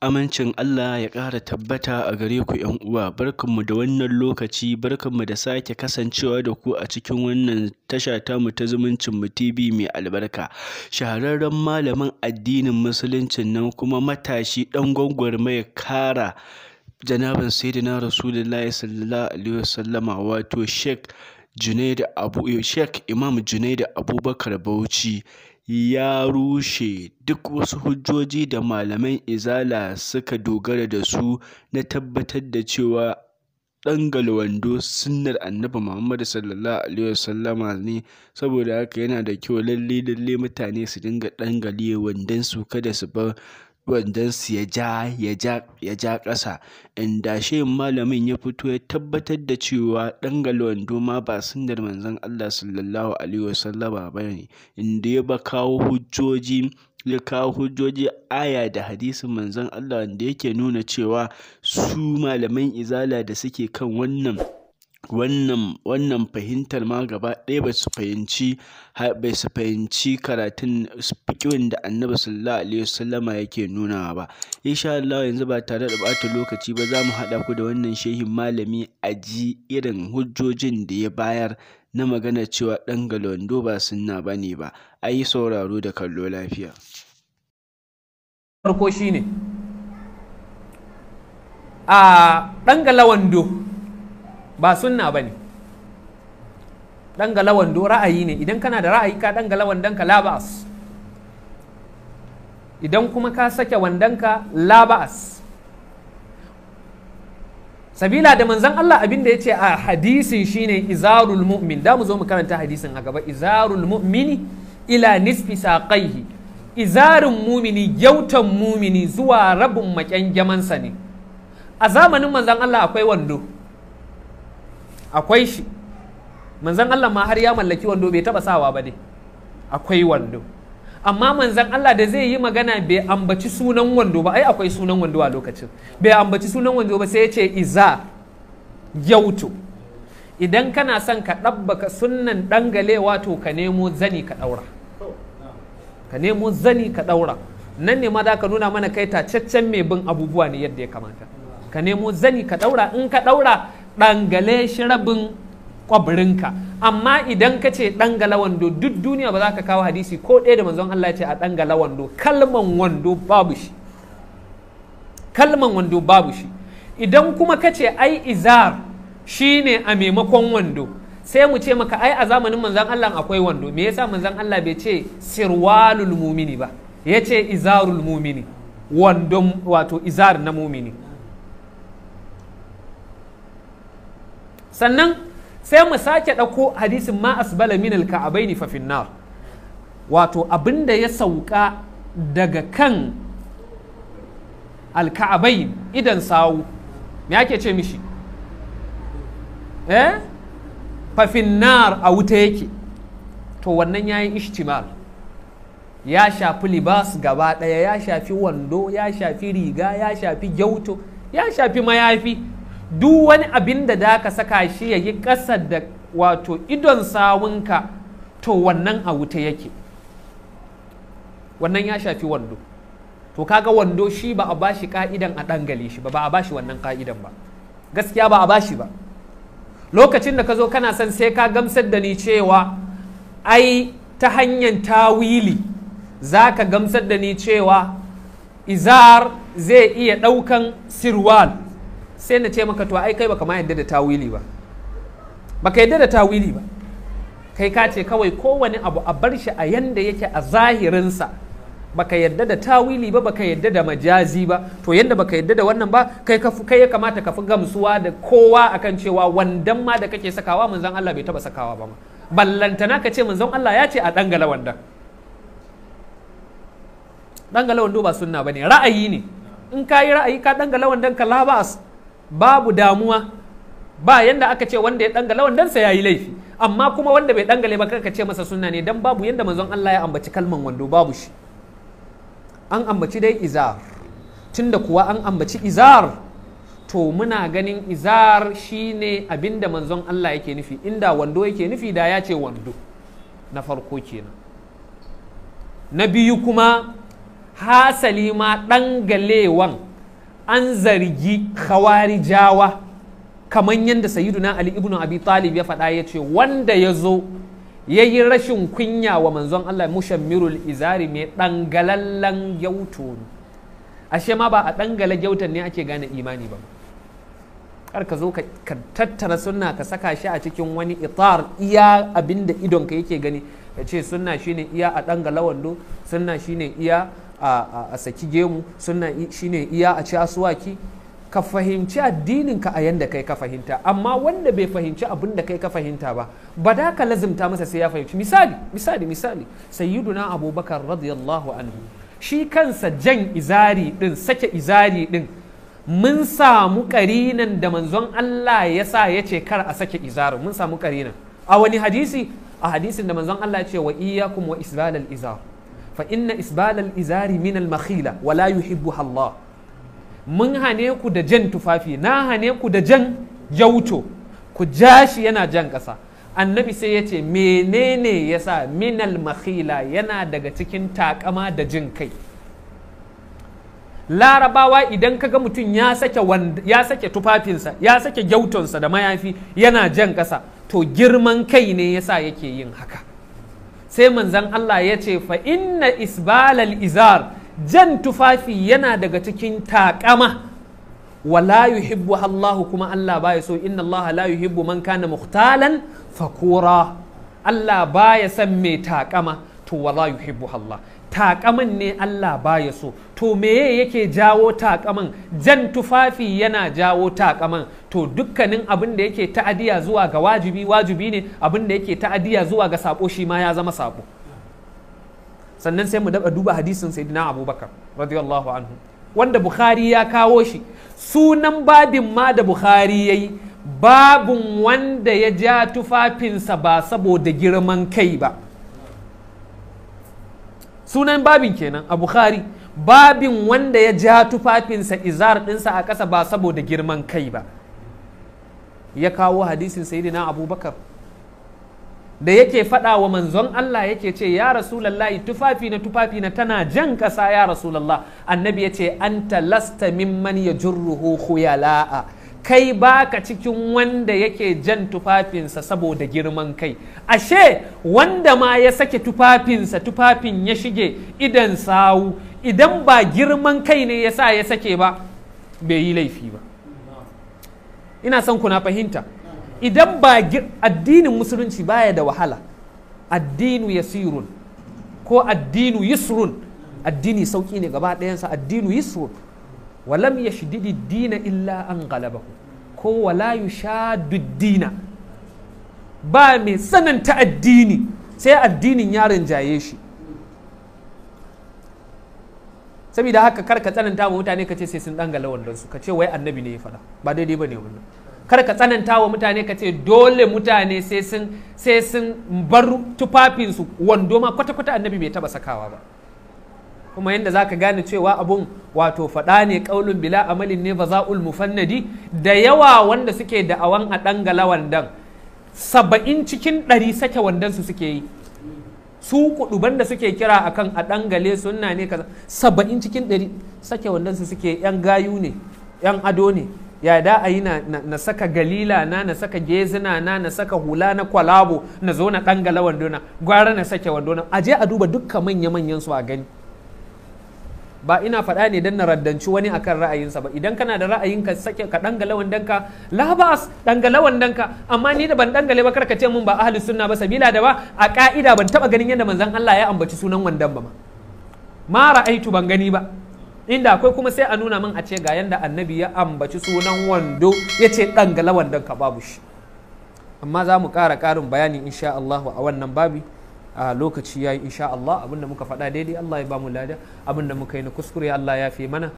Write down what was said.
Amincin Allah ya ƙara tabbata a gare ku ‘yan uwa, barkanmu da wannan lokaci, barkanmu da sake kasancewa da ku a cikin wannan tasha tamu ta zumuncin mu TV mai albarka. Shahararren malamin addinin musuluncin nan kuma matashi ɗan mai kara janabin sayyidina rasulullahi sallallahu alaihi wasallama wato Sheikh Junaid Abu Sheikh Imam Junaid Abubakar Bauchi ya rushe duk wasu hujjoji da malaman Izala suka dogara da su na tabbatar da cewa ɗan Galwando sunnar Annabi Muhammad sallallahu alaihi wasallama ne saboda haka yana da kyau lalle lalle mutane su dinga ɗangale su kada su bar wandonsu ya ja ya ja ya ja ƙasa inda shi malamin ya fito ya tabbatar da cewa ɗangale wando ma ba sunnar manzon Allah sallallahu alaihi wasallama ba ne inda ya ba kawo hujjoji ya kawo hujjoji aya da hadisin manzon Allah wanda yake nuna cewa su malaman izala da suke kan wannan wannan fahimtar ma gaba ɗaya ba su fahimci su fahimci karatun fikirin da annabi sallallahu alaihi wasallama yake nunawa ba insha Allah yanzu ba tare da ɓata lokaci ba za mu haɗa ku da wannan shehin malami a ji irin hujjojin da ya bayar na magana cewa ɗan galondo ba sunna ba ne ba a yi sauraro da kallo lafiya farko shine a ba sunna ba ne ɗangalawan do ra'ayi ne idan kana da ra'ayi ka ɗangalawan danka laba'as idan kuma ka sake wandanka laba'as sabila da manzan Allah abin da ya ce a hadisin shine izarul mu'min da mu zo mu karanta hadisin a gaba izarul mu'mini ila nisfi saqaihi izarin mumini gyautan mumini zuwa rabin maƙyan jamansa ne a zamanin manzan Allah akwai wando akwai shi manzan Allah ma har ya mallaki wando bai taba sawa ba ne akwai wando amma manzan Allah da zai yi magana bai ambaci sunan wando ba ai akwai sunan wando a lokacin bai ambaci sunan wando ba sai ya ce iza yautu idan kana son ka ɗabbaka sunnan ɗangalewa to ka nemo zani ka ɗaura ka nemo zani ka ɗaura nan ne ma za ka nuna mana kai tacaccen mai bin abubuwa ne yadda ya kamata ka nemo zani ka ɗaura in ka ɗaura ɗangale shi rabin kwabirinka amma idan ka ce ɗangala wando duk duniya ba za ka kawo hadisi ko ɗaya da manzon Allah ce a ɗangala wando kalman wando babu shi kalman wando babu shi idan kuma ka ce ai izar ne a maimakon wando sai mu ce maka ai a zamanin manzon Allah akwai wando me yasa manzon Allah bai ce sirwalul mumini ba ya ce izarul mumini wandon wato izar na mumini sannan sai mu sake ɗauko hadisin ma asbala minal ka'abaini fa finnar wato abinda ya sauka daga kan alka'abai idan sawu me ake ce mishi eh fa finnar a wuta yake to wannan yayin ishtimal ya shafi libas gaba ɗaya ya shafi wando ya shafi riga ya shafi gyauto ya shafi mayafi duk wani abin da za ka saka shi ya yi ƙasa da wato idon sawunka to wannan a wuta yake wannan ya shafi wando to kaga wando shi ba a bashi ka'idan a ɗangale shi ba ba a bashi wannan ka'idan ba gaskiya ba a bashi ba lokacin da ka zo kana son sai ka gamsar da ni cewa ai ta hanyar tawili za ka gamsar da ni cewa izar zai iya ɗaukan sirwal sai na ce maka to ai kai baka ma yadda da tawili ba baka yadda da tawili ba kai ka ce kawai kowane abu a bar shi a yanda yake a zahirinsa baka yadda da tawili ba baka yadda da majazi ba to yadda baka yadda da wannan ba kai ka kai ya kamata ka fi gamsuwa da kowa akan cewa wandan ma da kake sakawa manzon Allah bai taba sakawa ba ma ballantana ka ce manzon Allah ya ce a dangala wandan dangala wando ba sunna bane ra'ayi ne in ka yi ra'ayi ka dangala wandan ka babu damuwa ba yanda aka ce wanda ya dangala sa ya yi laifi amma kuma wanda bai dangale ba kaka ce masa sunna ne dan babu yanda manzon Allah ya ambaci kalman wando babu shi an ambaci dai izar tunda kuwa an ambaci izar to muna ganin izar shine abinda manzon Allah yake nufi inda wando yake nufi da ya ce wando na farko kenan na biyu kuma hasali ma dangalewan an zargi jawa kamar yadda na ali ibn abi talib ya faɗa ya ce wanda ya zo ya yi rashin kunya wa manzon Allah mushammirul izari mai ɗangalallen ne ashe ma ba a ɗangala gyautan ne ake gane imani ba kar ka zo ka tattara sunna ka saka shi a cikin wani itar iya abinda idonka yake gani ya ce sunna shine iya a ɗangala wando sunna shine iya a saki gemu sunna shine iya a ci asuwaki ka fahimci addinin ka a yanda kai ka fahimta amma wanda bai fahimci abin da kai ka fahimta ba ba da ka lazimta masa sai ya fahimci misali misali misali sayyiduna abubakar radiyallahu anhu shi kansa jan izari din sake izari din mun samu karinan da manzon Allah ya sa ya ce kar a sake izarin mun samu karinan a wani hadisi a hadisin da manzon Allah ya ce wa iyyakum wa isbalal izar fa inna isbal al-izari min al-makhila wa la yuhibbuha Allah mun hane ku da jan tufafi na hane ku da jan yauto ku ja shi yana jan ƙasa annabi sai yace menene yasa min al-makhila yana daga cikin takama da jin kai larabawa idan kaga mutum ya sake ya sake tufafinsa ya sake gyautonsa da mayafi yana jan ƙasa to girman kai ne yasa yake yin haka sai manzan Allah ya ce fa inna isbalal izar jan tufafi yana daga cikin taƙama wala yuhibbu Allahu kuma Allah baya so inna Allah la yuhibbu man kana muhtalan fakura Allah baya san mai taƙama to wala yuhibbu Allah taƙaman ne Allah baya so to meye yake jawo taƙaman jan tufafi yana jawo taƙaman. to dukkanin abin da yake ta'adiya zuwa ga wajibi wajibi ne abin da yake ta'adiya zuwa ga sako shi ma ya zama sako sannan sai mu daba duba hadisin sayyidina abubakar radiyallahu anhu wanda bukhari ya kawo shi sunan babin ma da bukhari yayi babun wanda ya ja tufafinsa ba saboda girman kai ba sunan babin kenan a bukhari babin wanda ya ja tufafinsa izar ɗinsa a ƙasa ba saboda girman kai ba ya kawo hadisin sayyidina abubakar da yake faɗa wa manzon Allah yake ce ya rasulallahi tufafi na tufafi na tana jan ƙasa ya rasulallah annabi ya ce anta lasta mimman ya jurruhu khuyala'a kai baka cikin wanda yake jan tufafinsa saboda girman kai ashe wanda ma ya sake tufafinsa tufafin ya shige idan sawu idan ba girman kai ne yasa ya sake ba bai yi laifi ba ina son kuna fahimta idan ba addinin musulunci baya da wahala addinu yasirun ko addinu yusrun addini sauki ne gaba ɗayansa addinu yusrun walam yashdidi dina illa an galabahu ko wala yu dina ba mai tsananta addini sai addinin yaron jaye shi saboda haka kar ka tsananta wa mutane ka ce sai sun dangala wandon su ka ce wai annabi ne ya faɗa ba daidai bane wannan kar ka tsananta wa mutane ka ce dole mutane sai sun sai sun bar tufafin su wando ma kwata kwata annabi bai taba sakawa ba kuma yadda za ka gane cewa abun wato faɗa ne ƙaunin bila amalin ne ba ulmu mufannadi da yawa wanda suke da'awan a ɗangala wandan saba'in cikin ɗari sake wandansu suke yi su kuduban da suke kira akan a dangale sunna ne kaza saba'in cikin ɗari sake wannan su suke yan gayu ne yan ado ne ya da a yi na, saka galila na na saka gezina na na saka hula na kwalabo na zo na dangala na gwara na sake wandona a je a duba dukkan manya manyan su a gani ba ina faɗa ne don na raddanci wani akan ra'ayinsa ba idan kana da ra'ayin ka sake ka dangale wandanka labas dangale wandanka amma ni da ban ɗangale ba karka ce mun ba ahli sunna ba sabila da ba a ka'ida ban taba ganin yadda manzan Allah ya ambaci sunan wandan ba ma ma ra'aitu ban gani ba inda akwai kuma sai a nuna min a ce ga yanda annabi ya ambaci sunan wando ya ce dangale wandanka babu shi amma za mu ƙara ƙarin bayani insha Allah a wannan babi a lokaci yi insha Allah abinda muka faɗa daidai Allah ya ba mu lada abinda muka yi na kuskure Allah ya fi mana